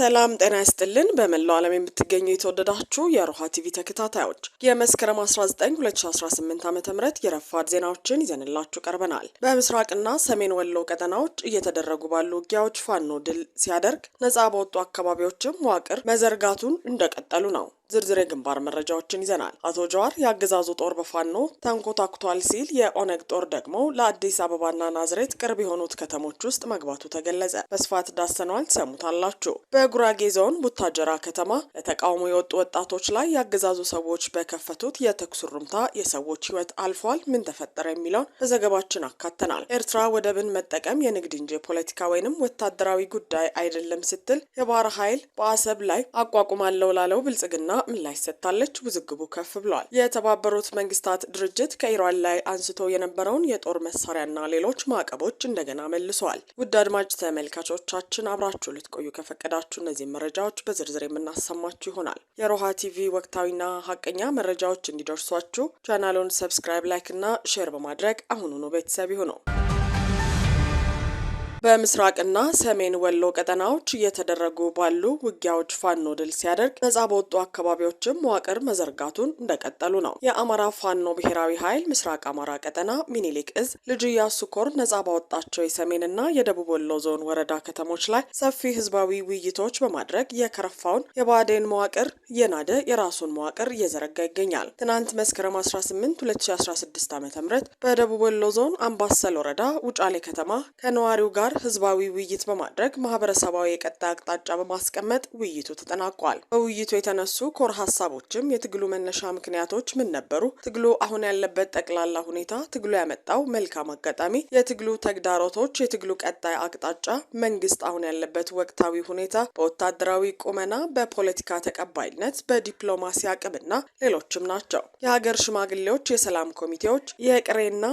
ሰላም ጤና ይስጥልን። በመላው ዓለም የምትገኙ የተወደዳችሁ የሮሃ ቲቪ ተከታታዮች የመስከረም 19 2018 ዓ ም የረፋድ ዜናዎችን ይዘንላችሁ ቀርበናል። በምስራቅና ሰሜን ወሎ ቀጠናዎች እየተደረጉ ባሉ ውጊያዎች ፋኖ ድል ሲያደርግ፣ ነጻ በወጡ አካባቢዎችም መዋቅር መዘርጋቱን እንደቀጠሉ ነው። ዝርዝር የግንባር መረጃዎችን ይዘናል። አቶ ጀዋር የአገዛዙ ጦር በፋኖ ተንኮታኩቷል ሲል፣ የኦነግ ጦር ደግሞ ለአዲስ አበባና ናዝሬት ቅርብ የሆኑት ከተሞች ውስጥ መግባቱ ተገለጸ። በስፋት ዳሰነዋል፣ ትሰሙታላችሁ። በጉራጌ ዞን ቡታጀራ ከተማ ለተቃውሞ የወጡ ወጣቶች ላይ የአገዛዙ ሰዎች በከፈቱት የተኩስ ሩምታ የሰዎች ሕይወት አልፏል። ምን ተፈጠረ የሚለውን በዘገባችን አካተናል። ኤርትራ ወደብን መጠቀም የንግድ እንጂ የፖለቲካ ወይንም ወታደራዊ ጉዳይ አይደለም ስትል የባህር ኃይል በአሰብ ላይ አቋቁማለሁ ላለው ብልጽግና ምላሽ ሰጥታለች። ውዝግቡ ከፍ ብሏል። የተባበሩት መንግስታት ድርጅት ከኢራን ላይ አንስቶ የነበረውን የጦር መሳሪያና ሌሎች ማዕቀቦች እንደገና መልሷል። ውድ አድማጭ ተመልካቾቻችን አብራችሁ ልትቆዩ ከፈቀዳችሁ እነዚህ መረጃዎች በዝርዝር የምናሰማችሁ ይሆናል። የሮሃ ቲቪ ወቅታዊና ሀቀኛ መረጃዎች እንዲደርሷችሁ ቻናሉን ሰብስክራይብ፣ ላይክ እና ሼር በማድረግ አሁኑኑ ቤተሰብ ይሁነው። በምስራቅና ሰሜን ወሎ ቀጠናዎች እየተደረጉ ባሉ ውጊያዎች ፋኖ ድል ሲያደርግ ነጻ በወጡ አካባቢዎችም መዋቅር መዘርጋቱን እንደቀጠሉ ነው። የአማራ ፋኖ ብሔራዊ ኃይል ምስራቅ አማራ ቀጠና ሚኒሊክ እዝ ልጅ ኢያሱ ኮር ነጻ ባወጣቸው የሰሜንና የደቡብ ወሎ ዞን ወረዳ ከተሞች ላይ ሰፊ ህዝባዊ ውይይቶች በማድረግ የከረፋውን የባዴን መዋቅር እየናደ የራሱን መዋቅር እየዘረጋ ይገኛል። ትናንት መስከረም 18 2016 ዓ ም በደቡብ ወሎ ዞን አምባሰል ወረዳ ውጫሌ ከተማ ከነዋሪው ጋር ጋር ህዝባዊ ውይይት በማድረግ ማህበረሰባዊ የቀጣይ አቅጣጫ በማስቀመጥ ውይይቱ ተጠናቋል። በውይይቱ የተነሱ ኮር ሀሳቦችም የትግሉ መነሻ ምክንያቶች ምን ነበሩ፣ ትግሉ አሁን ያለበት ጠቅላላ ሁኔታ፣ ትግሉ ያመጣው መልካም አጋጣሚ፣ የትግሉ ተግዳሮቶች፣ የትግሉ ቀጣይ አቅጣጫ፣ መንግስት አሁን ያለበት ወቅታዊ ሁኔታ፣ በወታደራዊ ቁመና፣ በፖለቲካ ተቀባይነት፣ በዲፕሎማሲ አቅምና ሌሎችም ናቸው። የሀገር ሽማግሌዎች፣ የሰላም ኮሚቴዎች፣ የቅሬና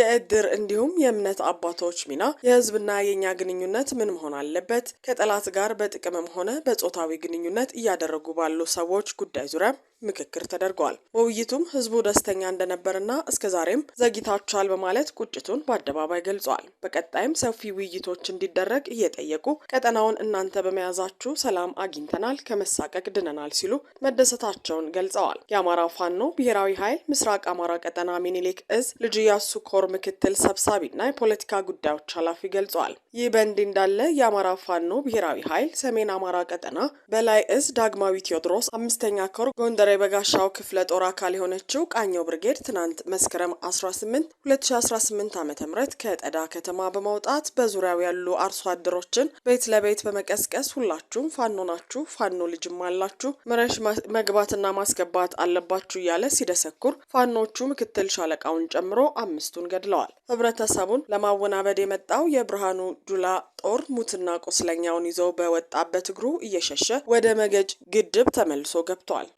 የእድር እንዲሁም የእምነት አባቶች ሚና፣ የህዝብና የእኛ ግንኙነት ምን መሆን አለበት? ከጠላት ጋር በጥቅምም ሆነ በጾታዊ ግንኙነት እያደረጉ ባሉ ሰዎች ጉዳይ ዙሪያ ምክክር ተደርጓል። በውይይቱም ህዝቡ ደስተኛ እንደነበርና እስከዛሬም ዘግይታችኋል በማለት ቁጭቱን በአደባባይ ገልጿል። በቀጣይም ሰፊ ውይይቶች እንዲደረግ እየጠየቁ ቀጠናውን እናንተ በመያዛችሁ ሰላም አግኝተናል፣ ከመሳቀቅ ድነናል ሲሉ መደሰታቸውን ገልጸዋል። የአማራ ፋኖ ብሔራዊ ኃይል ምስራቅ አማራ ቀጠና ሚኒሊክ እዝ ልጅ ያሱ ኮር ምክትል ሰብሳቢና የፖለቲካ ጉዳዮች ኃላፊ ገልጿል። ይህ በእንዲህ እንዳለ የአማራ ፋኖ ብሔራዊ ኃይል ሰሜን አማራ ቀጠና በላይ እዝ ዳግማዊ ቴዎድሮስ አምስተኛ ኮር ጎንደር ዛሬ በጋሻው ክፍለ ጦር አካል የሆነችው ቃኘው ብርጌድ ትናንት መስከረም 18 2018 ዓ ም ከጠዳ ከተማ በማውጣት በዙሪያው ያሉ አርሶ አደሮችን ቤት ለቤት በመቀስቀስ ሁላችሁም ፋኖ ናችሁ፣ ፋኖ ልጅም አላችሁ፣ መረሽ መግባትና ማስገባት አለባችሁ እያለ ሲደሰኩር ፋኖቹ ምክትል ሻለቃውን ጨምሮ አምስቱን ገድለዋል። ህብረተሰቡን ለማወናበድ የመጣው የብርሃኑ ጁላ ጦር ሙትና ቁስለኛውን ይዞ በወጣበት እግሩ እየሸሸ ወደ መገጭ ግድብ ተመልሶ ገብቷል።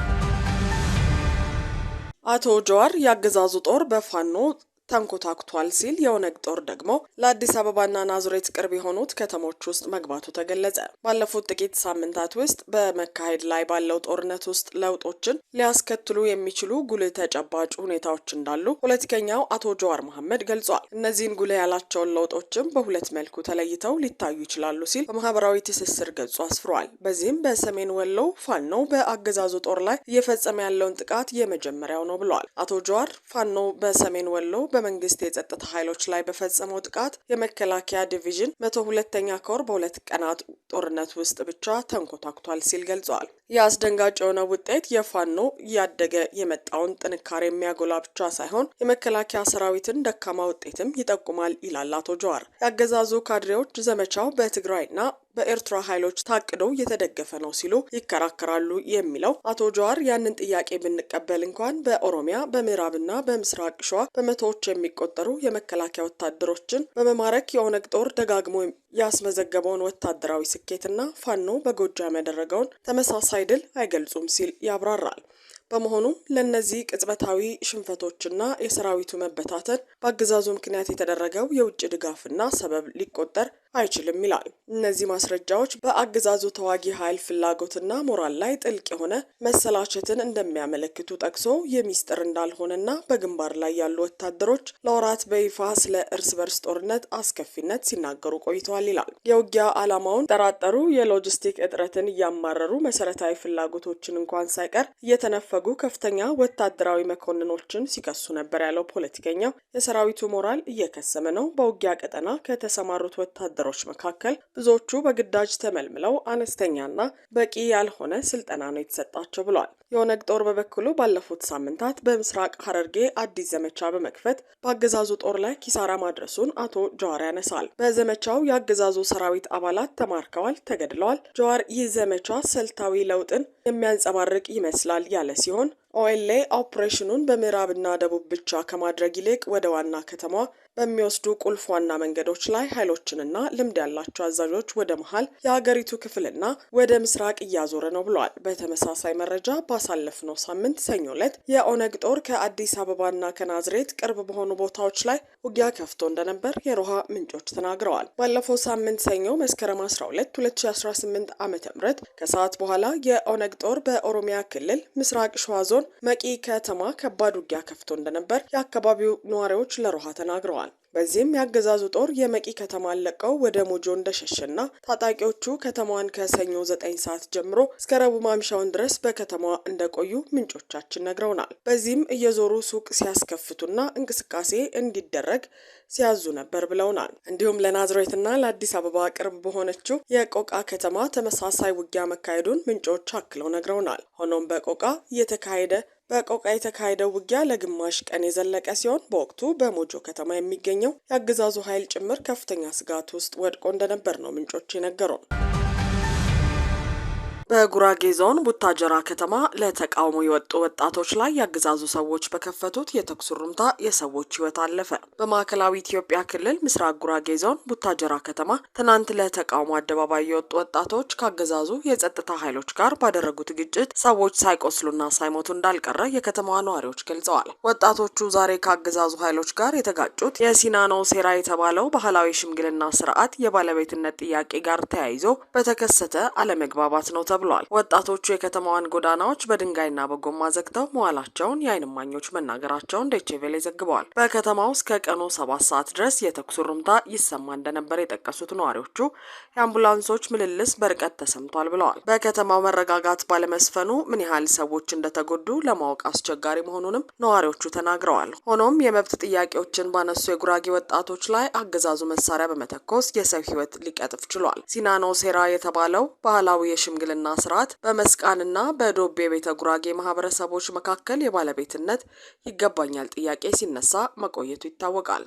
አቶ ጀዋር ያገዛዙ ጦር በፋኖ ተንኮታኩቷል ሲል የኦነግ ጦር ደግሞ ለአዲስ አበባና ናዝሬት ቅርብ የሆኑት ከተሞች ውስጥ መግባቱ ተገለጸ። ባለፉት ጥቂት ሳምንታት ውስጥ በመካሄድ ላይ ባለው ጦርነት ውስጥ ለውጦችን ሊያስከትሉ የሚችሉ ጉልህ ተጨባጭ ሁኔታዎች እንዳሉ ፖለቲከኛው አቶ ጀዋር መሐመድ ገልጿል። እነዚህን ጉልህ ያላቸውን ለውጦችም በሁለት መልኩ ተለይተው ሊታዩ ይችላሉ ሲል በማህበራዊ ትስስር ገጹ አስፍሯል። በዚህም በሰሜን ወሎ ፋኖ በአገዛዙ ጦር ላይ እየፈጸመ ያለውን ጥቃት የመጀመሪያው ነው ብለዋል። አቶ ጀዋር ፋኖ በሰሜን ወሎ በመንግስት የጸጥታ ኃይሎች ላይ በፈጸመው ጥቃት የመከላከያ ዲቪዥን መቶ ሁለተኛ ኮር በሁለት ቀናት ጦርነት ውስጥ ብቻ ተንኮታኩቷል ሲል ገልጿል። የአስደንጋጭ የሆነ ውጤት የፋኖ እያደገ የመጣውን ጥንካሬ የሚያጎላ ብቻ ሳይሆን የመከላከያ ሰራዊትን ደካማ ውጤትም ይጠቁማል ይላል አቶ ጀዋር። የአገዛዙ ካድሬዎች ዘመቻው በትግራይና በኤርትራ ኃይሎች ታቅዶ እየተደገፈ ነው ሲሉ ይከራከራሉ የሚለው አቶ ጀዋር ያንን ጥያቄ ብንቀበል እንኳን በኦሮሚያ በምዕራብና በምስራቅ ሸዋ በመቶዎች የሚቆጠሩ የመከላከያ ወታደሮችን በመማረክ የኦነግ ጦር ደጋግሞ ያስመዘገበውን ወታደራዊ ስኬትና ፋኖ በጎጃም ያደረገውን ተመሳሳይ ድል አይገልጹም ሲል ያብራራል። በመሆኑም ለእነዚህ ቅጽበታዊ ሽንፈቶችና የሰራዊቱ መበታተን በአገዛዙ ምክንያት የተደረገው የውጭ ድጋፍና ሰበብ ሊቆጠር አይችልም ይላል። እነዚህ ማስረጃዎች በአገዛዙ ተዋጊ ኃይል ፍላጎትና ሞራል ላይ ጥልቅ የሆነ መሰላቸትን እንደሚያመለክቱ ጠቅሶ የሚስጥር እንዳልሆነና በግንባር ላይ ያሉ ወታደሮች ለወራት በይፋ ስለ እርስ በርስ ጦርነት አስከፊነት ሲናገሩ ቆይተዋል ይላል። የውጊያ ዓላማውን ጠራጠሩ የሎጂስቲክ እጥረትን እያማረሩ መሰረታዊ ፍላጎቶችን እንኳን ሳይቀር እየተነፈጉ ከፍተኛ ወታደራዊ መኮንኖችን ሲከሱ ነበር ያለው ፖለቲከኛው የሰራዊቱ ሞራል እየከሰመ ነው። በውጊያ ቀጠና ከተሰማሩት ወታደ ወታደሮች መካከል ብዙዎቹ በግዳጅ ተመልምለው አነስተኛና በቂ ያልሆነ ስልጠና ነው የተሰጣቸው ብለዋል። የኦነግ ጦር በበኩሉ ባለፉት ሳምንታት በምስራቅ ሀረርጌ አዲስ ዘመቻ በመክፈት በአገዛዙ ጦር ላይ ኪሳራ ማድረሱን አቶ ጀዋር ያነሳል። በዘመቻው የአገዛዙ ሰራዊት አባላት ተማርከዋል፣ ተገድለዋል። ጀዋር ይህ ዘመቻ ስልታዊ ለውጥን የሚያንጸባርቅ ይመስላል ያለ ሲሆን ኦኤልኤ ኦፕሬሽኑን በምዕራብና ደቡብ ብቻ ከማድረግ ይልቅ ወደ ዋና ከተማ በሚወስዱ ቁልፍ ዋና መንገዶች ላይ ኃይሎችንና ልምድ ያላቸው አዛዦች ወደ መሀል የአገሪቱ ክፍልና ወደ ምስራቅ እያዞረ ነው ብሏል። በተመሳሳይ መረጃ ባሳለፍነው ሳምንት ሰኞ ዕለት የኦነግ ጦር ከአዲስ አበባና ከናዝሬት ቅርብ በሆኑ ቦታዎች ላይ ውጊያ ከፍቶ እንደነበር የሮሃ ምንጮች ተናግረዋል። ባለፈው ሳምንት ሰኞ መስከረም 12 2018 ዓ ም ከሰዓት በኋላ የኦነግ ጦር በኦሮሚያ ክልል ምስራቅ ሸዋ ዞን መቂ ከተማ ከባድ ውጊያ ከፍቶ እንደነበር የአካባቢው ነዋሪዎች ለሮሃ ተናግረዋል። በዚህም ያገዛዙ ጦር የመቂ ከተማ ለቀው ወደ ሞጆ እንደሸሸና ታጣቂዎቹ ከተማዋን ከሰኞ ዘጠኝ ሰዓት ጀምሮ እስከ ረቡዕ ማምሻውን ድረስ በከተማዋ እንደቆዩ ምንጮቻችን ነግረውናል። በዚህም እየዞሩ ሱቅ ሲያስከፍቱና እንቅስቃሴ እንዲደረግ ሲያዙ ነበር ብለውናል። እንዲሁም ለናዝሬትና ለአዲስ አበባ ቅርብ በሆነችው የቆቃ ከተማ ተመሳሳይ ውጊያ መካሄዱን ምንጮች አክለው ነግረውናል። ሆኖም በቆቃ እየተካሄደ በቆቃ የተካሄደው ውጊያ ለግማሽ ቀን የዘለቀ ሲሆን በወቅቱ በሞጆ ከተማ የሚገኘው የአገዛዙ ኃይል ጭምር ከፍተኛ ስጋት ውስጥ ወድቆ እንደነበር ነው ምንጮች የነገሩን። በጉራጌ ዞን ቡታጀራ ከተማ ለተቃውሞ የወጡ ወጣቶች ላይ ያገዛዙ ሰዎች በከፈቱት የተኩስ ሩምታ የሰዎች ሕይወት አለፈ። በማዕከላዊ ኢትዮጵያ ክልል ምስራቅ ጉራጌ ዞን ቡታጀራ ከተማ ትናንት ለተቃውሞ አደባባይ የወጡ ወጣቶች ካገዛዙ የጸጥታ ኃይሎች ጋር ባደረጉት ግጭት ሰዎች ሳይቆስሉና ሳይሞቱ እንዳልቀረ የከተማዋ ነዋሪዎች ገልጸዋል። ወጣቶቹ ዛሬ ካገዛዙ ኃይሎች ጋር የተጋጩት የሲናኖ ሴራ የተባለው ባህላዊ ሽምግልና ስርዓት የባለቤትነት ጥያቄ ጋር ተያይዞ በተከሰተ አለመግባባት ነው ተብሏል። ተብሏል። ወጣቶቹ የከተማዋን ጎዳናዎች በድንጋይና በጎማ ዘግተው መዋላቸውን የዓይን እማኞች መናገራቸውን ዴቼቬሌ ዘግበዋል። በከተማው እስከ ቀኑ ሰባት ሰዓት ድረስ የተኩሱ ሩምታ ይሰማ እንደነበር የጠቀሱት ነዋሪዎቹ የአምቡላንሶች ምልልስ በርቀት ተሰምቷል ብለዋል። በከተማው መረጋጋት ባለመስፈኑ ምን ያህል ሰዎች እንደተጎዱ ለማወቅ አስቸጋሪ መሆኑንም ነዋሪዎቹ ተናግረዋል። ሆኖም የመብት ጥያቄዎችን ባነሱ የጉራጌ ወጣቶች ላይ አገዛዙ መሳሪያ በመተኮስ የሰው ሕይወት ሊቀጥፍ ችሏል። ሲናኖ ሴራ የተባለው ባህላዊ የሽምግልና ባህልና ስርዓት በመስቃንና በዶቤ ቤተ ጉራጌ ማህበረሰቦች መካከል የባለቤትነት ይገባኛል ጥያቄ ሲነሳ መቆየቱ ይታወቃል።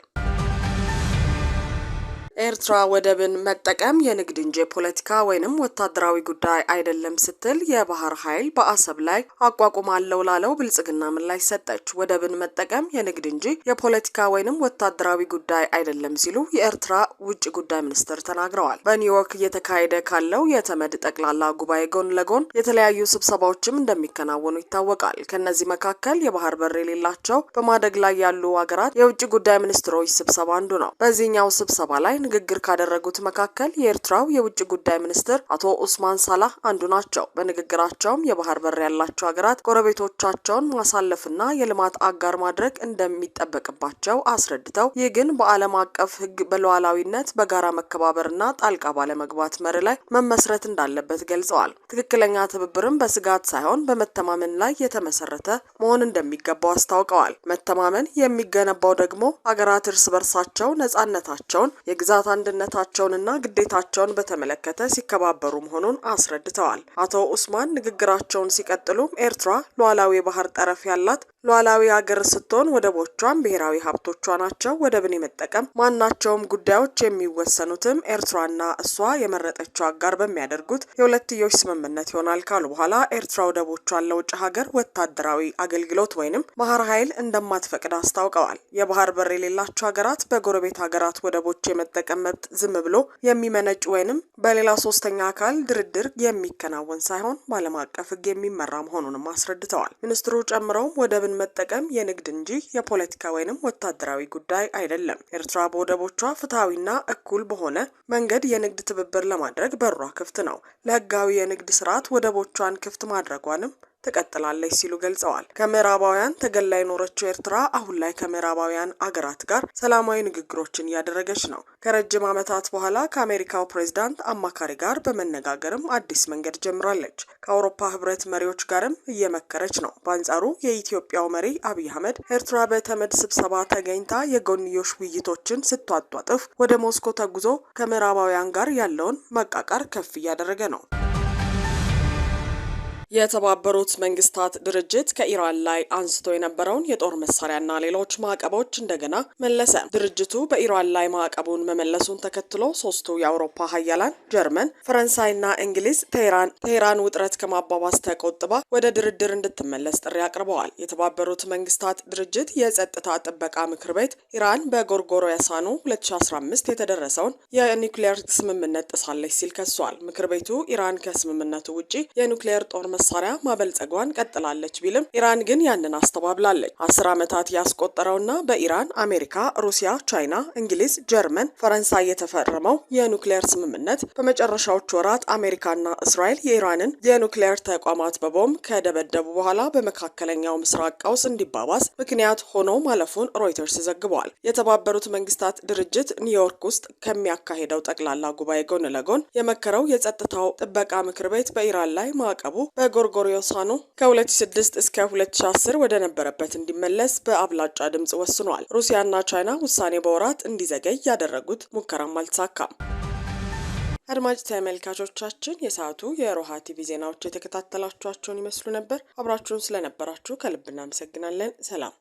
ኤርትራ ወደብን መጠቀም የንግድ እንጂ የፖለቲካ ወይንም ወታደራዊ ጉዳይ አይደለም ስትል የባህር ኃይል በአሰብ ላይ አቋቁማለው ላለው ብልጽግና ምላሽ ሰጠች። ወደብን መጠቀም የንግድ እንጂ የፖለቲካ ወይንም ወታደራዊ ጉዳይ አይደለም ሲሉ የኤርትራ ውጭ ጉዳይ ሚኒስትር ተናግረዋል። በኒውዮርክ እየተካሄደ ካለው የተመድ ጠቅላላ ጉባኤ ጎን ለጎን የተለያዩ ስብሰባዎችም እንደሚከናወኑ ይታወቃል። ከእነዚህ መካከል የባህር በር የሌላቸው በማደግ ላይ ያሉ ሀገራት የውጭ ጉዳይ ሚኒስትሮች ስብሰባ አንዱ ነው። በዚህኛው ስብሰባ ላይ ንግግር ካደረጉት መካከል የኤርትራው የውጭ ጉዳይ ሚኒስትር አቶ ኡስማን ሳላህ አንዱ ናቸው። በንግግራቸውም የባህር በር ያላቸው ሀገራት ጎረቤቶቻቸውን ማሳለፍና የልማት አጋር ማድረግ እንደሚጠበቅባቸው አስረድተው ይህ ግን በዓለም አቀፍ ሕግ በሉዓላዊነት በጋራ መከባበርና ጣልቃ ባለመግባት መሪ ላይ መመስረት እንዳለበት ገልጸዋል። ትክክለኛ ትብብርም በስጋት ሳይሆን በመተማመን ላይ የተመሰረተ መሆን እንደሚገባው አስታውቀዋል። መተማመን የሚገነባው ደግሞ ሀገራት እርስ በርሳቸው ነጻነታቸውን የግዛ ግዛት አንድነታቸውንና ግዴታቸውን በተመለከተ ሲከባበሩ መሆኑን አስረድተዋል። አቶ ኡስማን ንግግራቸውን ሲቀጥሉም ኤርትራ ሉዓላዊ የባህር ጠረፍ ያላት ሉዓላዊ ሀገር ስትሆን ወደቦቿም ብሔራዊ ሀብቶቿ ናቸው። ወደብን የመጠቀም ማናቸውም ጉዳዮች የሚወሰኑትም ኤርትራና እሷ የመረጠችው አጋር በሚያደርጉት የሁለትዮሽ ስምምነት ይሆናል ካሉ በኋላ ኤርትራ ወደቦቿን ለውጭ ሀገር ወታደራዊ አገልግሎት ወይንም ባህር ኃይል እንደማትፈቅድ አስታውቀዋል። የባህር በር የሌላቸው ሀገራት በጎረቤት ሀገራት ወደቦች የመጠቀም መብት ዝም ብሎ የሚመነጭ ወይንም በሌላ ሶስተኛ አካል ድርድር የሚከናወን ሳይሆን በዓለም አቀፍ ሕግ የሚመራ መሆኑንም አስረድተዋል። ሚኒስትሩ ጨምረውም ወደብን ወደብን መጠቀም የንግድ እንጂ የፖለቲካ ወይንም ወታደራዊ ጉዳይ አይደለም። ኤርትራ በወደቦቿ ፍትሐዊና እኩል በሆነ መንገድ የንግድ ትብብር ለማድረግ በሯ ክፍት ነው። ለህጋዊ የንግድ ስርዓት ወደቦቿን ክፍት ማድረጓንም ትቀጥላለች ሲሉ ገልጸዋል። ከምዕራባውያን ተገላ የኖረችው ኤርትራ አሁን ላይ ከምዕራባውያን አገራት ጋር ሰላማዊ ንግግሮችን እያደረገች ነው። ከረጅም ዓመታት በኋላ ከአሜሪካው ፕሬዚዳንት አማካሪ ጋር በመነጋገርም አዲስ መንገድ ጀምራለች። ከአውሮፓ ህብረት መሪዎች ጋርም እየመከረች ነው። በአንጻሩ የኢትዮጵያው መሪ አብይ አህመድ ኤርትራ በተመድ ስብሰባ ተገኝታ የጎንዮሽ ውይይቶችን ስታጧጥፍ ወደ ሞስኮ ተጉዞ ከምዕራባውያን ጋር ያለውን መቃቃር ከፍ እያደረገ ነው። የተባበሩት መንግስታት ድርጅት ከኢራን ላይ አንስቶ የነበረውን የጦር መሳሪያና ሌሎች ማዕቀቦች እንደገና መለሰ። ድርጅቱ በኢራን ላይ ማዕቀቡን መመለሱን ተከትሎ ሶስቱ የአውሮፓ ሀያላን ጀርመን፣ ፈረንሳይና እንግሊዝ ቴህራን ቴህራን ውጥረት ከማባባስ ተቆጥባ ወደ ድርድር እንድትመለስ ጥሪ አቅርበዋል። የተባበሩት መንግስታት ድርጅት የጸጥታ ጥበቃ ምክር ቤት ኢራን በጎርጎሮ ያሳኑ 2015 የተደረሰውን የኒውክሌር ስምምነት ጥሳለች ሲል ከሷል። ምክር ቤቱ ኢራን ከስምምነቱ ውጪ የኒውክሌር ጦር መሳሪያ ማበልጸጓን ቀጥላለች ቢልም ኢራን ግን ያንን አስተባብላለች። አስር ዓመታት ያስቆጠረውና በኢራን አሜሪካ፣ ሩሲያ፣ ቻይና፣ እንግሊዝ፣ ጀርመን፣ ፈረንሳይ የተፈረመው የኑክሌር ስምምነት በመጨረሻዎቹ ወራት አሜሪካና እስራኤል የኢራንን የኑክሌር ተቋማት በቦምብ ከደበደቡ በኋላ በመካከለኛው ምስራቅ ቀውስ እንዲባባስ ምክንያት ሆኖ ማለፉን ሮይተርስ ዘግበዋል። የተባበሩት መንግስታት ድርጅት ኒውዮርክ ውስጥ ከሚያካሄደው ጠቅላላ ጉባኤ ጎን ለጎን የመከረው የጸጥታው ጥበቃ ምክር ቤት በኢራን ላይ ማዕቀቡ በ በጎርጎሪዮሳኑ ከ2006 እስከ 2010 ወደ ነበረበት እንዲመለስ በአብላጫ ድምፅ ወስኗል። ሩሲያና ቻይና ውሳኔ በወራት እንዲዘገይ ያደረጉት ሙከራም አልተሳካም። አድማጭ ተመልካቾቻችን የሰዓቱ የሮሃ ቲቪ ዜናዎች የተከታተላችኋቸውን ይመስሉ ነበር። አብራችሁን ስለነበራችሁ ከልብ እናመሰግናለን። ሰላም